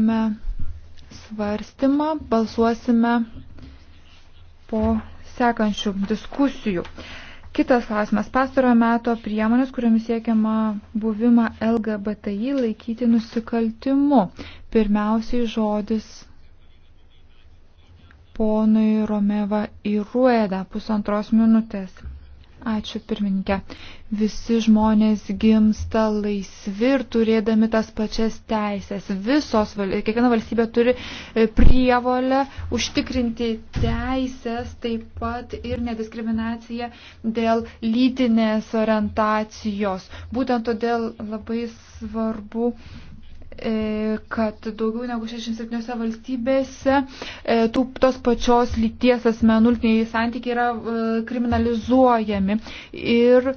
Baigiame svarstymą, balsuosime po sekančių diskusijų. Kitas klausimas. Pastarojo meto priemonės, kuriomis siekiama buvimą LGBTI laikyti nusikaltimu. Pirmiausiai žodis ponui Romeva įrueda pusantros minutės. Ačiū pirmininkė. Visi žmonės gimsta laisvi ir turėdami tas pačias teisės. Visos, kiekviena valstybė turi e, prievolę užtikrinti teisės, taip pat ir nediskriminaciją dėl lytinės orientacijos. Būtent todėl labai svarbu E, kad daugiau negu 67 valstybėse e, tų, tos pačios lyties asmenų lytiniai santykiai yra e, kriminalizuojami. Ir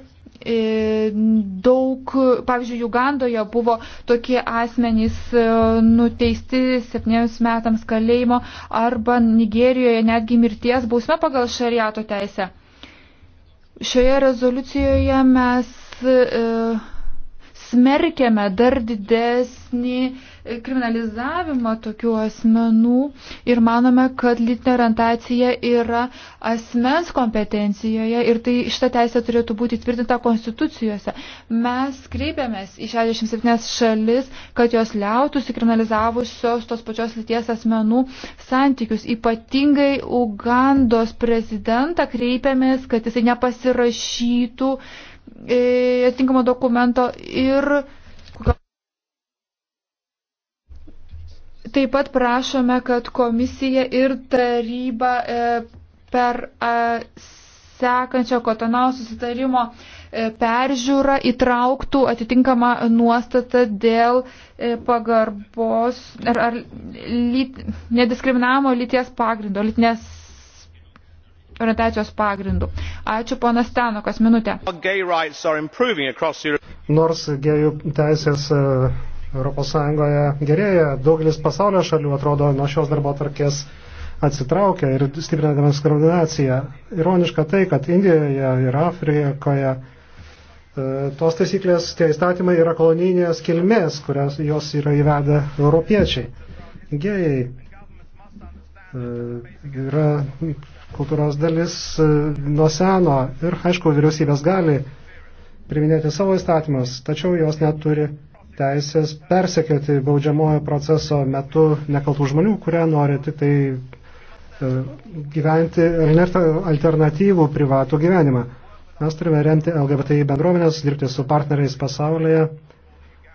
daug, pavyzdžiui, Jugandoje buvo tokie asmenys nuteisti septyniems metams kalėjimo arba Nigerijoje netgi mirties bausme pagal šariato teisę. Šioje rezoliucijoje mes uh, smerkėme dar didesnį kriminalizavimą tokių asmenų ir manome, kad lytinė orientacija yra asmens kompetencijoje ir tai šitą teisę turėtų būti tvirtinta konstitucijose. Mes kreipėmės į 67 šalis, kad jos liautųsi kriminalizavusios tos pačios lyties asmenų santykius. Ypatingai Ugandos prezidentą kreipėmės, kad jisai nepasirašytų uh, atitinkamo dokumento ir taip pat prašome, kad komisija ir taryba e, per sekančią kotonau susitarimo e, peržiūrą įtrauktų atitinkamą nuostatą dėl e, pagarbos ar, ar lyt, nediskriminavimo lyties pagrindo, lytinės orientacijos pagrindų. Ačiū ponas Stenokas, minutė. Nors gėjų teisės ES gerėja, daugelis pasaulio šalių atrodo nuo šios darbo tarkės atsitraukia ir stiprina diskriminaciją. Ironiška tai, kad Indijoje ir Afrikoje e, tos taisyklės, tie įstatymai yra kolonijinės kilmės, kurias jos yra įvedę europiečiai. Gėjai e, yra kultūros dalis e, nuo seno ir, aišku, vyriausybės gali priminėti savo įstatymus, tačiau jos neturi teisės persekioti baudžiamojo proceso metu nekaltų žmonių, kurie nori tik tai e, gyventi alternatyvų privatų gyvenimą. Mes turime remti LGBTI bendruomenės, dirbti su partneriais pasaulyje,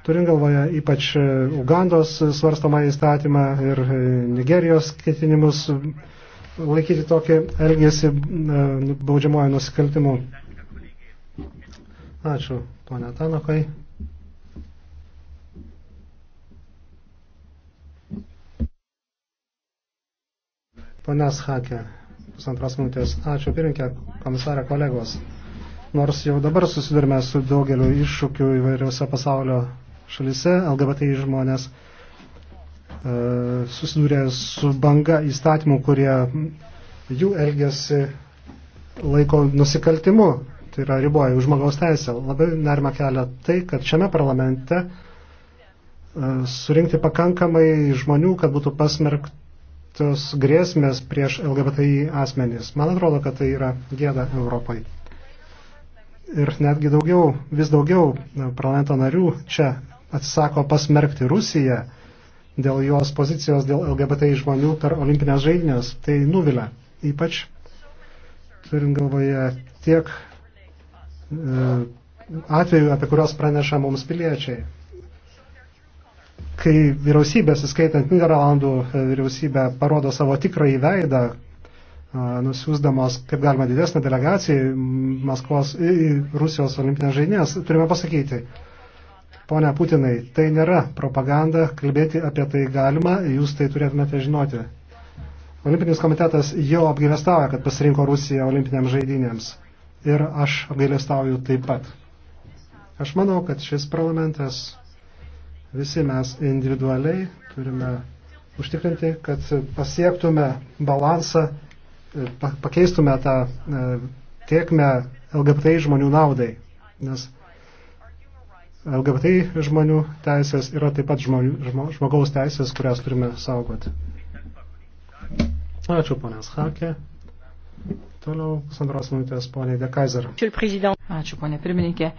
turint galvoje ypač e, Ugandos svarstomą įstatymą ir Nigerijos ketinimus laikyti tokį elgesį e, baudžiamojo nusikaltimu. Ačiū, ponė Tanokai. Ponas Hakė, pusantros minutės. Ačiū, pirinkė, komisarė, kolegos. Nors jau dabar susidurime su daugeliu iššūkių įvairiuose pasaulio šalise, LGBT žmonės E, susidūrė su banga įstatymų, kurie jų elgesi laiko nusikaltimu, tai yra riboja žmogaus teisę. Labai nerima kelia tai, kad šiame parlamente e, surinkti pakankamai žmonių, kad būtų pasmerktos grėsmės prieš LGBTI asmenys. Man atrodo, kad tai yra gėda Europai. Ir netgi daugiau, vis daugiau e, parlamento narių čia atsisako pasmerkti Rusiją dėl jos pozicijos, dėl LGBT žmonių per olimpinės žaidynės. Tai nuvilia, ypač turint galvoje tiek e, atvejų, apie kurios praneša mums piliečiai. Kai vyriausybės, įskaitant Niderlandų e, vyriausybę, parodo savo tikrąjį veidą, e, nusiūsdamos, kaip galima, didesnę delegaciją Maskvos į Rusijos olimpinės žaidynės, turime pasakyti, Pone Putinai, tai nėra propaganda, kalbėti apie tai galima, jūs tai turėtumėte žinoti. Olimpinis komitetas jau apgailestauja, kad pasirinko Rusiją olimpinėms žaidynėms. Ir aš apgailestauju taip pat. Aš manau, kad šis parlamentas, visi mes individualiai turime užtikrinti, kad pasiektume balansą, pakeistume tą e, tiekmę LGBT žmonių naudai. Nes LGBT žmonių teisės yra taip pat žmonių, žmogaus teisės, kurias turime saugoti. Ačiū, ponės Hakė. Toliau pusantros minutės, ponė De Kaiser. Ačiū, ponė pirmininkė.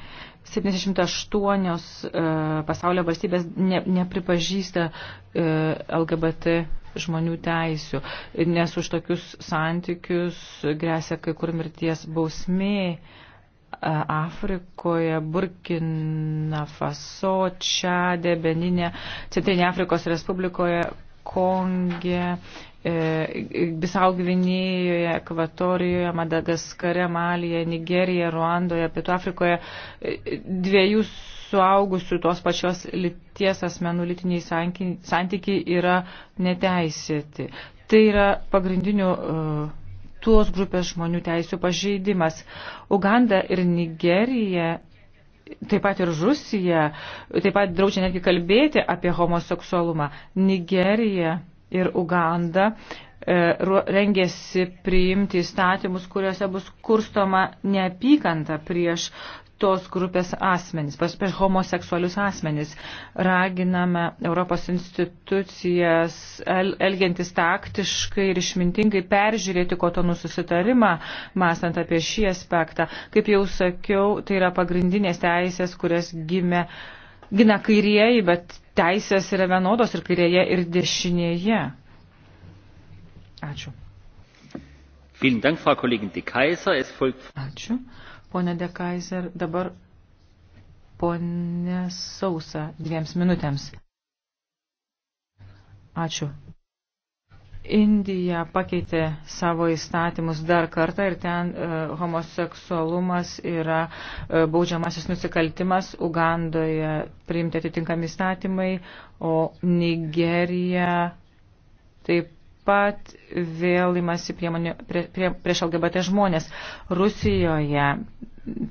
78 e, pasaulio valstybės ne, nepripažįsta e, LGBT žmonių teisių, nes už tokius santykius grėsia kai kur mirties bausmė. E, Afrikoje, Burkina Faso, Čadė, Beninė, Centrinė Afrikos Respublikoje, Konge, e, Bisau Gvinėjoje, Ekvatorijoje, Madagaskare, Malyje, Nigerija, Ruandoje, Pietų Afrikoje e, dviejų suaugusių tos pačios lyties asmenų lytiniai santykiai yra neteisėti. Tai yra pagrindinių uh, kitos grupės žmonių teisų pažeidimas. Uganda ir Nigerija. Taip pat ir Rusija, taip pat draudžia netgi kalbėti apie homoseksualumą. Nigerija ir Uganda e, rengėsi priimti įstatymus, kuriuose bus kurstoma neapykanta prieš tos grupės asmenys, pas, pas homoseksualius asmenys. Raginame Europos institucijas el, elgiantis taktiškai ir išmintingai peržiūrėti kotonų susitarimą, mąstant apie šį aspektą. Kaip jau sakiau, tai yra pagrindinės teisės, kurias gimė, gina kairieji, bet teisės yra vienodos ir kairėje, ir dešinėje. Ačiū. Ačiū. Pone Dekaiser, dabar ponė Sausa dviems minutėms. Ačiū. Indija pakeitė savo įstatymus dar kartą ir ten e, homoseksualumas yra e, baudžiamasis nusikaltimas, Ugandoje priimti atitinkami įstatymai, o Nigerija taip pat vėl imasi priemonių prie, prie, prieš LGBT žmonės. Rusijoje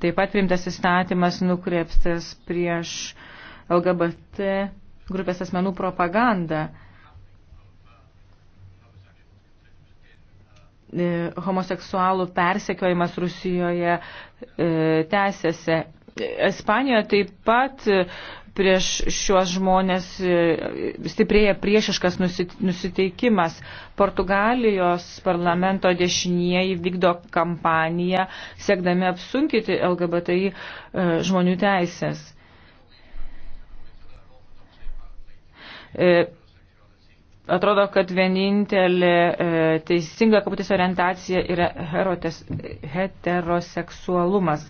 taip pat priimtas įstatymas nukreiptas prieš LGBT grupės asmenų propagandą. E, homoseksualų persekiojimas Rusijoje e, tęsiasi. Ispanijoje taip pat prieš šiuos žmonės e, stiprėja priešiškas nusiteikimas. Portugalijos parlamento dešinieji vykdo kampaniją, siekdami apsunkinti LGBTI e, žmonių teisės. E, atrodo, kad vienintelė teisinga kabutės orientacija yra heteroseksualumas.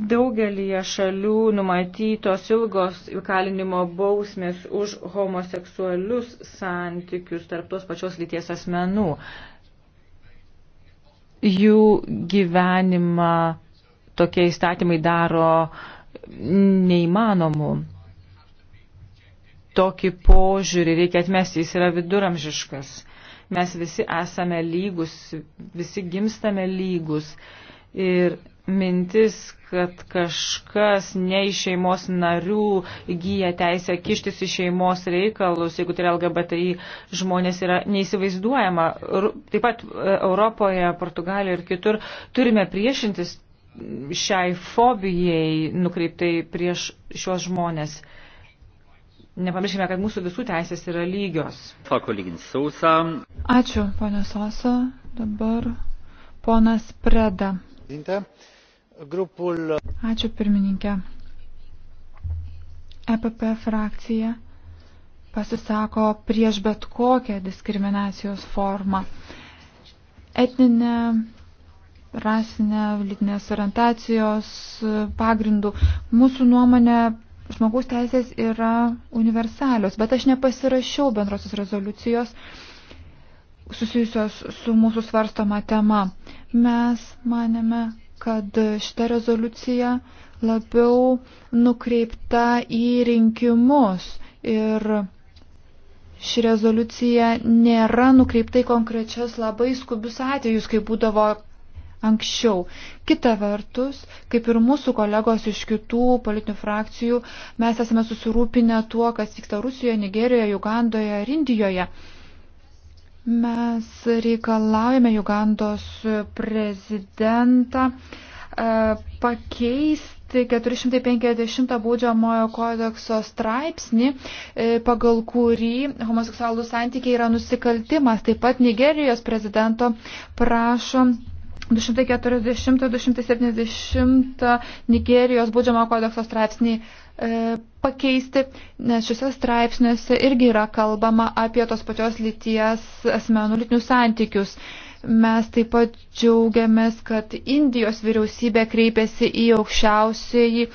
Daugelie šalių numatytos ilgos įkalinimo bausmės už homoseksualius santykius tarp tos pačios lyties asmenų. Jų gyvenimą tokie įstatymai daro neįmanomu. Tokį požiūrį reikia atmesti, jis yra viduramžiškas. Mes visi esame lygus, visi gimstame lygus Ir mintis, kad kažkas ne iš šeimos narių įgyja teisę kištis į šeimos reikalus, jeigu tai yra LGBTI žmonės, yra neįsivaizduojama. Taip pat e, Europoje, Portugalijoje ir kitur turime priešintis šiai fobijai nukreiptai prieš šios žmonės. Nepamirškime, kad mūsų visų teisės yra lygios. Ačiū, ponė Sosa. Dabar ponas Preda. Ačiū pirmininkė. EPP frakcija pasisako prieš bet kokią diskriminacijos formą. Etninė, rasinė, lytinės orientacijos pagrindų. Mūsų nuomonė žmogaus teisės yra universalios, bet aš nepasirašiau bendrosios rezoliucijos susijusios su mūsų svarstoma tema. Mes manėme, kad šita rezoliucija labiau nukreipta į rinkimus ir ši rezoliucija nėra nukreipta į konkrečias labai skubius atvejus, kaip būdavo anksčiau. Kita vertus, kaip ir mūsų kolegos iš kitų politinių frakcijų, mes esame susirūpinę tuo, kas vyksta Rusijoje, Nigerijoje, Ugandoje ar Indijoje. Mes reikalaujame Jugandos prezidentą e, pakeisti 450 baudžiamojo kodekso straipsnį, e, pagal kurį homoseksualų santykiai yra nusikaltimas. Taip pat Nigerijos prezidento prašo 240-270 Nigerijos būdžiamo kodekso straipsniai e, pakeisti, nes šiuose straipsniuose irgi yra kalbama apie tos pačios lyties asmenų lytinius santykius. Mes taip pat džiaugiamės, kad Indijos vyriausybė kreipėsi į aukščiausiai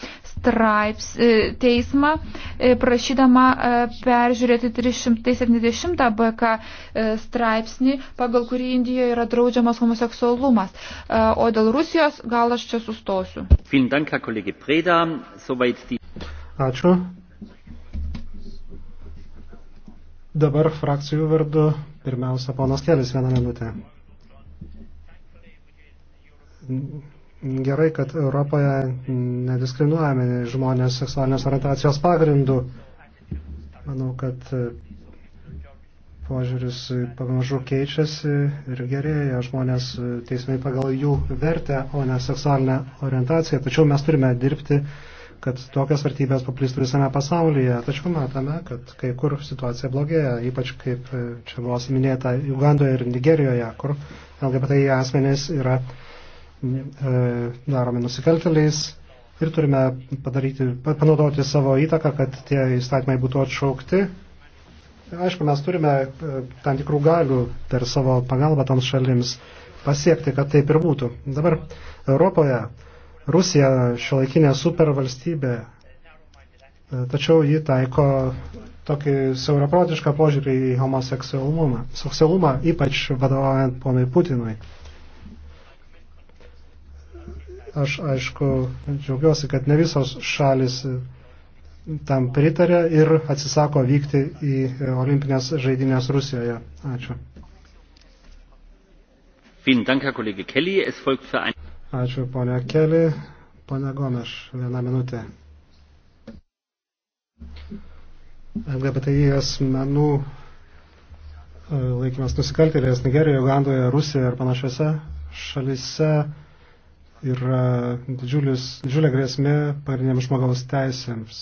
straips, e, teismą, e, prašydama e, peržiūrėti 370 BK straipsnį, pagal kurį Indijoje yra draudžiamas homoseksualumas. O dėl Rusijos gal aš čia sustosiu. Ačiū. Dabar frakcijų vardu pirmiausia ponas Kelis vieną minutę gerai, kad Europoje nediskriminuojami žmonės seksualinės orientacijos pagrindų. Manau, kad e, požiūris pamažu keičiasi ir gerėja žmonės e, teismai pagal jų vertę, o ne seksualinę orientaciją. Tačiau mes turime dirbti, kad tokias vertybės paplistų visame pasaulyje. Tačiau matome, kad kai kur situacija blogėja, ypač kaip e, čia buvo minėta Ugandoje ir Nigerijoje, kur LGBT asmenys yra E, daromi nusikalteliais ir turime padaryti, panaudoti savo įtaką, kad tie įstatymai būtų atšaukti. Aišku, mes turime e, tam tikrų galių per savo pagalbą toms šalims pasiekti, kad taip ir būtų. Dabar Europoje Rusija šiuolaikinė supervalstybė, e, tačiau ji taiko tokį siauraprotišką požiūrį į homoseksualumą, seksualumą, ypač vadovaujant ponui Putinui. Aš aišku džiaugiuosi, kad ne visos šalis tam pritarė ir atsisako vykti į olimpinės žaidynės Rusijoje. Ačiū. Ačiū, ponia Keli. Pane Gomeš, vieną minutę. LGBTI asmenų e, laikymas nusikaltėlės Nigerijoje, Ugandoje, Rusijoje ir panašiose šalise yra didžiulis, didžiulė grėsmė pagrindiniams žmogaus teisėms,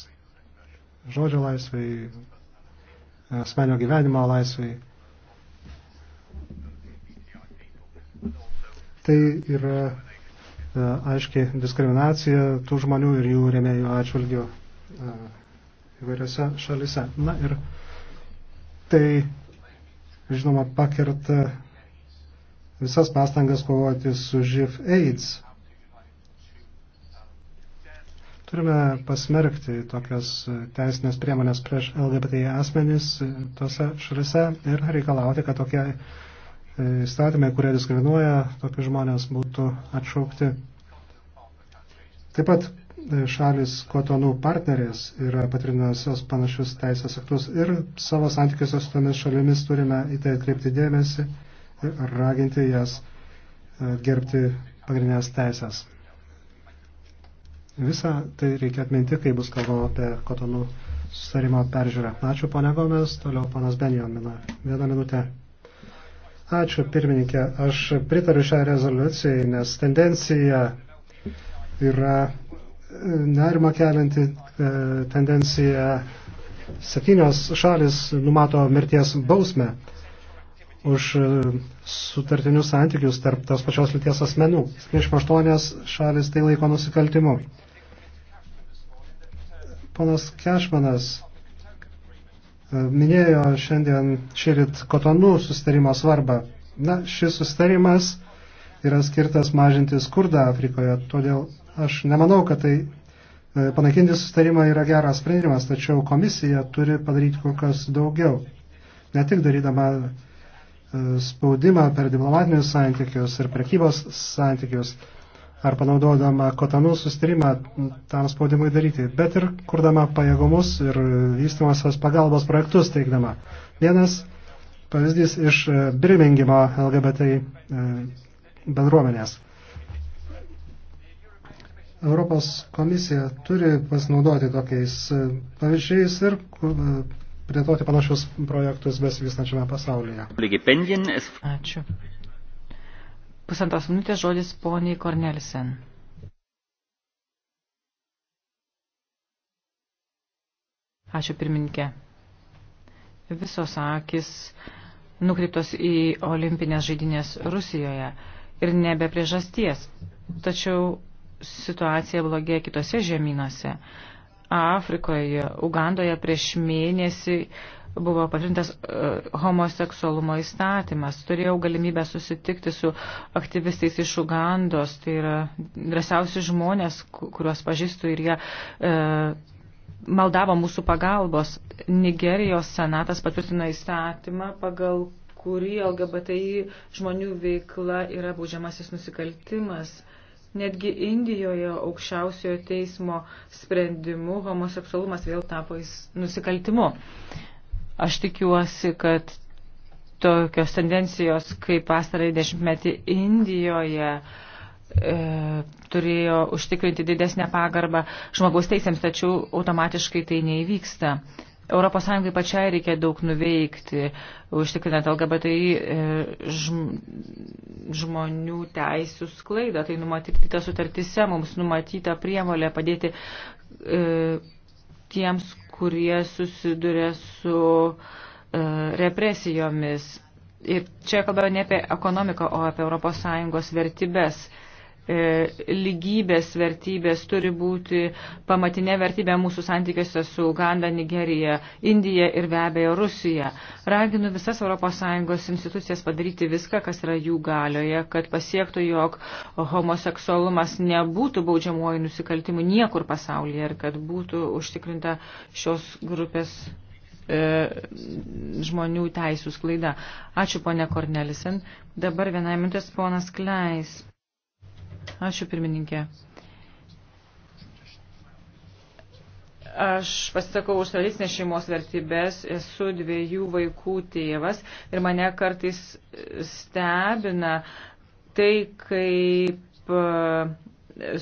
žodžio laisvai, asmenio gyvenimo laisvai. Tai yra e, aiškiai diskriminacija tų žmonių ir jų rėmėjų atžvilgių e, įvairiose šalise. Na ir tai, žinoma, pakerta visas pastangas kovoti su živ AIDS. Turime pasmerkti tokias teisinės priemonės prieš LGBT asmenys tose šalise ir reikalauti, kad tokie e, įstatymai, kurie diskriminuoja tokius žmonės, būtų atšaukti. Taip pat e, šalis kotonų partnerės yra patrinosios panašius teisės aktus ir savo santykiuose su tomis šalimis turime į tai atkreipti dėmesį ir raginti jas e, gerbti pagrindinės teisės. Visą tai reikia atminti, kai bus kalbama apie kotonų sustarimo peržiūrą. Ačiū, ponia Gomes, toliau ponas Benjamina. Vieną minutę. Ačiū, pirmininkė. Aš pritariu šią rezoliuciją, nes tendencija yra e, nerima kelianti e, tendencija. Septynios šalis numato mirties bausmę už e, sutartinius santykius tarp tos pačios lyties asmenų. 28 šalis tai laiko nusikaltimu. Ponas Kešmanas e, minėjo šiandien šįryt kotonų sustarimo svarbą. Na, šis sustarimas yra skirtas mažinti skurdą Afrikoje, todėl aš nemanau, kad tai e, panaikinti sustarimą yra geras sprendimas, tačiau komisija turi padaryti kur kas daugiau. Ne tik darydama e, spaudimą per diplomatinius santykius ir prekybos santykius, ar panaudodama kotanų sustarimą tam spaudimui daryti, bet ir kurdama pajėgumus ir vystimasios pagalbos projektus teikdama. Vienas pavyzdys iš e, Birmingimo LGBT e, bendruomenės. Europos komisija turi pasinaudoti tokiais e, pavyzdžiais ir plėtoti panašius projektus besivystančiame pasaulyje. Ačiū. Pusantros minutės žodis poniai Kornelisen. Ačiū pirmininkė. Visos akis nukreiptos į olimpinės žaidynės Rusijoje ir nebe priežasties. Tačiau situacija blogėja kitose žemynuose. Afrikoje, Ugandoje prieš mėnesį buvo patrintas e, homoseksualumo įstatymas. Turėjau galimybę susitikti su aktyvistais iš Ugandos, tai yra drąsiausi žmonės, kuriuos pažįstu ir jie e, maldavo mūsų pagalbos. Nigerijos senatas patvirtino įstatymą, pagal kurį LGBTI žmonių veikla yra baudžiamasis nusikaltimas. Netgi Indijoje aukščiausiojo teismo sprendimu homoseksualumas vėl tapo nusikaltimu. Aš tikiuosi, kad tokios tendencijos, kaip pastarai dešimtmetį Indijoje, e, turėjo užtikrinti didesnę pagarbą žmogaus teisėms, tačiau automatiškai tai neįvyksta. ES pačiai reikia daug nuveikti, užtikrinant LGBTI e, žmonių teisų sklaidą. Tai numatyta sutartise, mums numatyta priemolė padėti e, tiems, kurie susiduria su e, represijomis. Ir čia kalbame ne apie ekonomiką, o apie ES vertybės. E, lygybės vertybės turi būti pamatinė vertybė mūsų santykiuose su Uganda, Nigerija, Indija ir be abejo Rusija. Raginu visas ES institucijas padaryti viską, kas yra jų galioje, kad pasiektų, jog homoseksualumas nebūtų baudžiamuoju nusikaltimu niekur pasaulyje ir kad būtų užtikrinta šios grupės e, žmonių teisų sklaida. Ačiū, ponė Kornelisen. Dabar vienai mintis ponas Kleis. Ačiū pirmininkė. Aš pasisakau už tradicinės šeimos vertybės, esu dviejų vaikų tėvas ir mane kartais stebina tai, kaip e,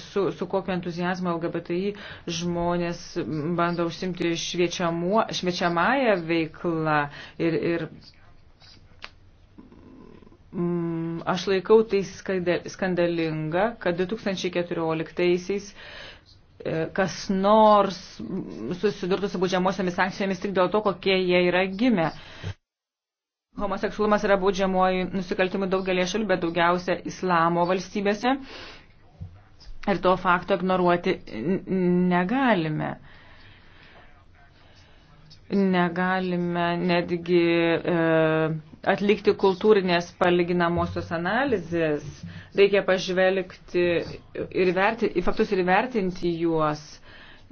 su, su kokiu entuzijazmu LGBTI žmonės bando užsimti šviečiamąją veiklą ir, ir mm, aš laikau tai skandalinga, kad 2014-aisiais e, kas nors susidurtų su būdžiamosiomis sankcijomis tik dėl to, kokie jie yra gimę. Homoseksualumas yra būdžiamoji nusikaltimų daugelie šalių, bet daugiausia islamo valstybėse. Ir to fakto ignoruoti negalime negalime netgi e, atlikti kultūrinės palyginamosios analizės, reikia pažvelgti ir verti, į faktus ir vertinti juos,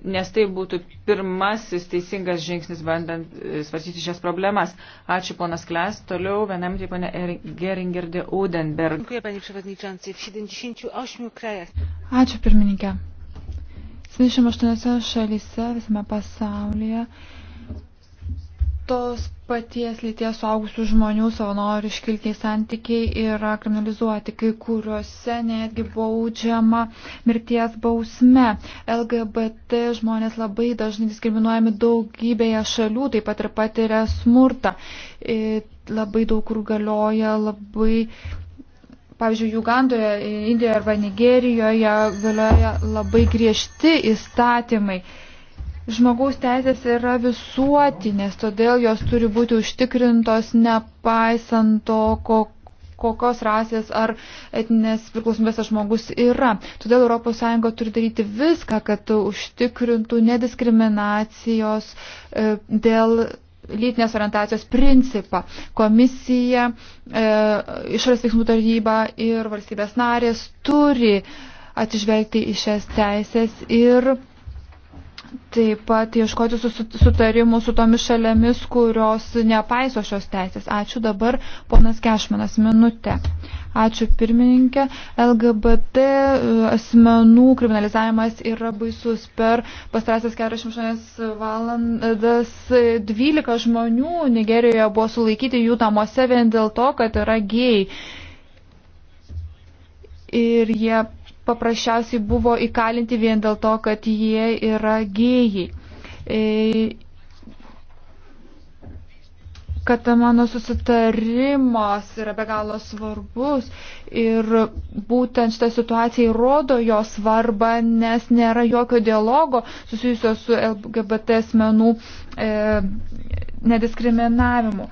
nes tai būtų pirmasis teisingas žingsnis bandant e, svarstyti šias problemas. Ačiū ponas Kles, toliau vienam tai ponė Geringerdė Udenberg. Ačiū pirmininkė. 78 šalyse visame pasaulyje tos paties lyties suaugusių žmonių savanoriškiltiniai santykiai yra kriminalizuoti, kai kuriuose netgi baudžiama mirties bausme. LGBT žmonės labai dažnai diskriminuojami daugybėje šalių, taip pat ir patiria smurtą. E, labai daug kur galioja labai. Pavyzdžiui, Jugandoje, Indijoje arba Nigerijoje galioja labai griežti įstatymai. Žmogaus teisės yra visuotinės, todėl jos turi būti užtikrintos nepaisant to, kokio kokios rasės ar etinės priklausomybės tas žmogus yra. Todėl ES turi daryti viską, kad užtikrintų nediskriminacijos e, dėl lytinės orientacijos principą. Komisija, e, išorės veiksmų taryba ir valstybės narės turi atsižvelgti į šias teisės ir Taip pat ieškoti sutarimų su tomis šalėmis, kurios nepaiso šios teisės. Ačiū dabar, ponas Kešmanas, minutė. Ačiū pirmininkė. LGBT e, asmenų kriminalizavimas yra baisus. Per pastarąsias 48 valandas 12 e, žmonių Nigerijoje buvo sulaikyti jų namuose vien dėl to, kad yra gėjai. Ir jie paprasčiausiai buvo įkalinti vien dėl to, kad jie yra gėjai. E, Katamano susitarimas yra be galo svarbus ir būtent šitą situaciją įrodo jo svarbą, nes nėra jokio dialogo susijusio su LGBT asmenų e, nediskriminavimu.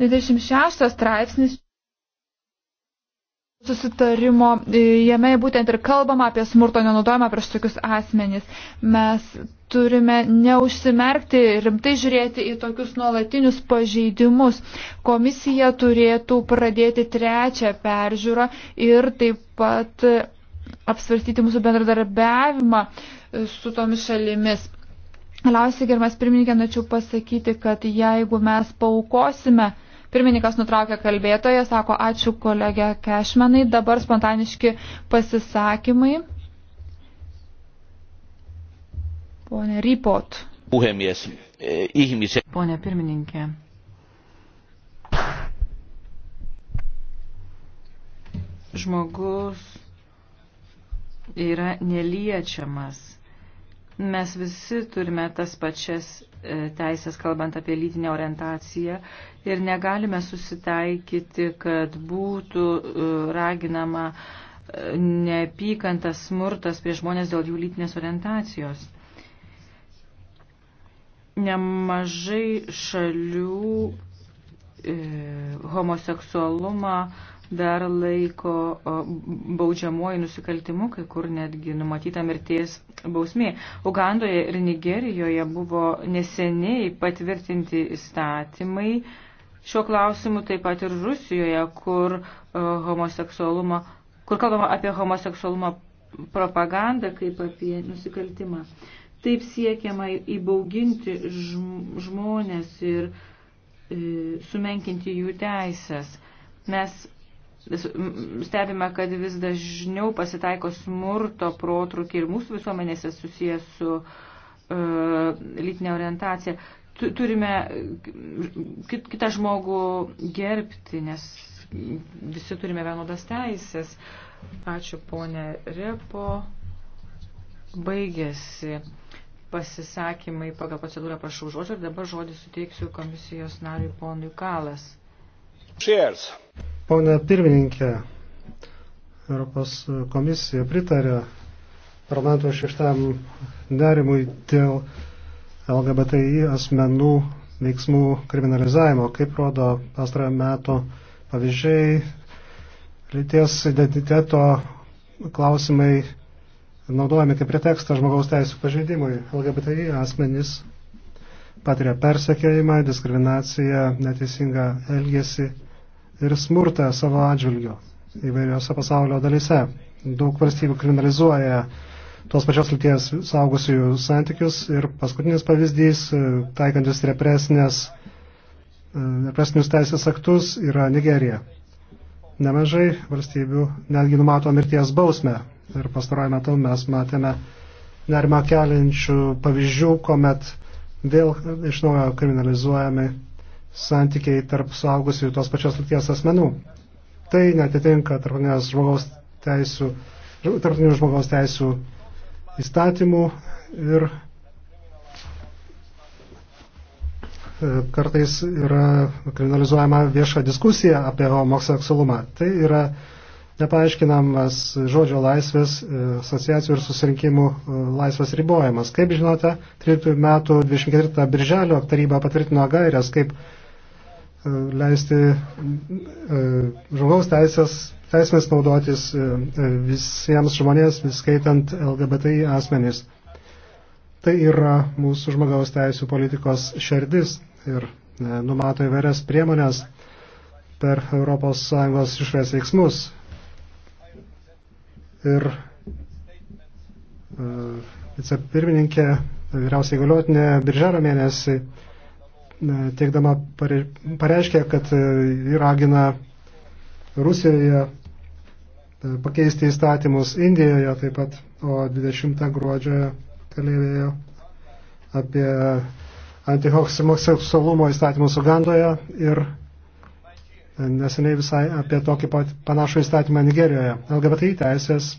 26 straipsnis susitarimo, e, jame būtent ir kalbama apie smurto nenaudojimą prieš tokius asmenys. Mes turime neužsimerkti ir rimtai žiūrėti į tokius nuolatinius pažeidimus. Komisija turėtų pradėti trečią peržiūrą ir taip pat apsvarstyti mūsų bendradarbiavimą e, su tomis šalimis. Galiausiai, gerbiamas pirmininkė, norėčiau pasakyti, kad jeigu mes paukosime Pirmininkas nutraukė kalbėtoją, sako, ačiū kolegė Kešmenai, dabar spontaniški pasisakymai. Pone Rypot. Puhemies, e, ihmisen. Pone pirmininkė. Žmogus yra neliečiamas Mes visi turime tas pačias e, teisės, kalbant apie lytinę orientaciją, ir negalime susitaikyti, kad būtų e, raginama e, neapykantas smurtas prie žmonės dėl jų lytinės orientacijos. Nemažai šalių e, homoseksualumą dar laiko baudžiamuoju nusikaltimu, kai kur netgi numatyta mirties bausmė. Ugandoje ir Nigerijoje buvo neseniai patvirtinti įstatymai. Šiuo klausimu taip pat ir Rusijoje, kur, homoseksualumą, kur kalbama apie homoseksualumą propagandą kaip apie nusikaltimą. Taip siekiama įbauginti žmonės ir e, sumenkinti jų teisės. Mes Stebime, kad vis dažniau pasitaiko smurto protrukiai ir mūsų visuomenėse susijęs su uh, lytinė orientacija. Turime kitą žmogų gerbti, nes visi turime vienodas teisės. Ačiū ponė Repo. Baigėsi pasisakymai pagal procedūrą prašau žodžio ir dabar žodį suteiksiu komisijos nariui ponui Kalas. Cheers. Pone pirmininkė, Europos komisija pritarė parlamento šeštam nerimui dėl LGBTI asmenų veiksmų kriminalizavimo, kaip rodo pastarojo meto pavyzdžiai, lyties identiteto klausimai naudojami kaip pretekstą žmogaus teisų pažeidimui. LGBTI asmenys patiria persekiojimą, diskriminaciją, neteisingą elgesį ir smurtą savo atžvilgiu įvairiose pasaulio dalise. Daug valstybių kriminalizuoja tos pačios lyties saugusiųjų santykius ir paskutinis pavyzdys, e, taikantis represinės, e, represinius teisės aktus, yra Nigerija. Nemažai valstybių netgi numato mirties bausmę ir pastarojame metu mes matėme nerima keliančių pavyzdžių, kuomet vėl iš naujo kriminalizuojami santykiai tarp suaugusių tos pačios lyties asmenų. Tai netitinka tarptautinės žmogaus teisų, tarptautinių žmogaus teisų įstatymų ir e, kartais yra kriminalizuojama vieša diskusija apie homoseksualumą. Tai yra nepaaiškinamas žodžio laisvės, e, asociacijų ir susirinkimų e, laisvės ribojimas. Kaip žinote, 13 metų 24 birželio taryba patvirtino gairias, kaip E, leisti e, žmogaus teisės, teismės naudotis e, visiems žmonės, viskaitant LGBTI asmenys. Tai yra mūsų žmogaus teisų politikos šerdis ir numato įvairias priemonės per ES išvės veiksmus. Ir vicepirmininkė, vyriausiai galiotinė, birželio mėnesį teikdama pareiškė, kad e, ragina Rusijoje e, pakeisti įstatymus Indijoje taip pat, o 20 gruodžio kalbėjo apie antihomoseksualumo įstatymus Ugandoje ir e, neseniai visai apie tokį pat panašų įstatymą Nigerijoje. LGBTI teisės,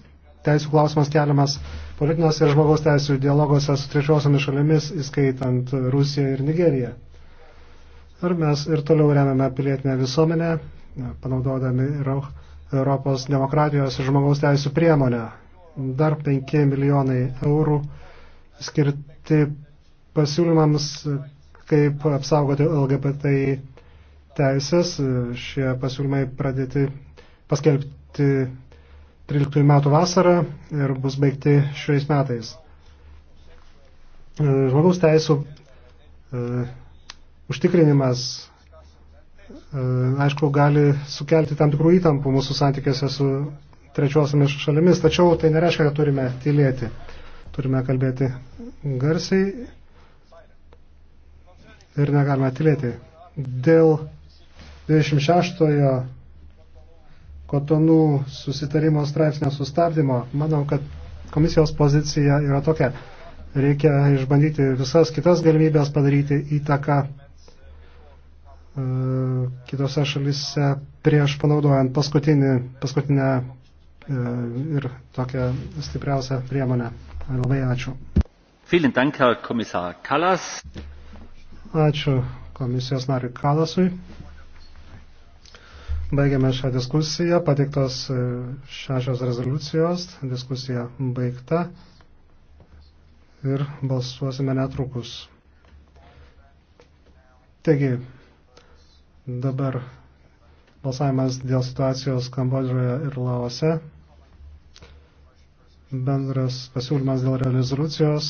teisų klausimas keliamas politinės ir žmogaus teisų dialogose su trečiosiomis šalimis, įskaitant Rusiją ir Nigeriją. Ar mes ir toliau remiame pilietinę visuomenę, panaudodami Europos demokratijos ir žmogaus teisų priemonę. Dar 5 milijonai eurų skirti pasiūlymams, kaip apsaugoti LGBTI teisės. Šie pasiūlymai pradėti paskelbti 13 metų vasarą ir bus baigti šiais metais. Žmogaus teisų užtikrinimas, e, aišku, gali sukelti tam tikrų įtampų mūsų santykiuose su trečiosiamis šalimis, tačiau tai nereiškia, kad turime tylėti. Turime kalbėti garsiai ir negalime tylėti. Dėl 26-ojo kotonų susitarimo straipsnio sustabdymo, manau, kad komisijos pozicija yra tokia. Reikia išbandyti visas kitas galimybės padaryti įtaką E, kitose šalise prieš panaudojant paskutinį, paskutinę e, ir tokią stipriausią priemonę. Labai ačiū. Vielen Dank, Herr Kommissar Kallas. Ačiū komisijos nariui Kalasui. Baigiame šią diskusiją. Pateiktos e, šešios rezoliucijos. Diskusija baigta. Ir balsuosime netrukus. Taigi, Dabar balsavimas dėl situacijos Kambodžoje ir Laose. Bendras pasiūlymas dėl rezoliucijos.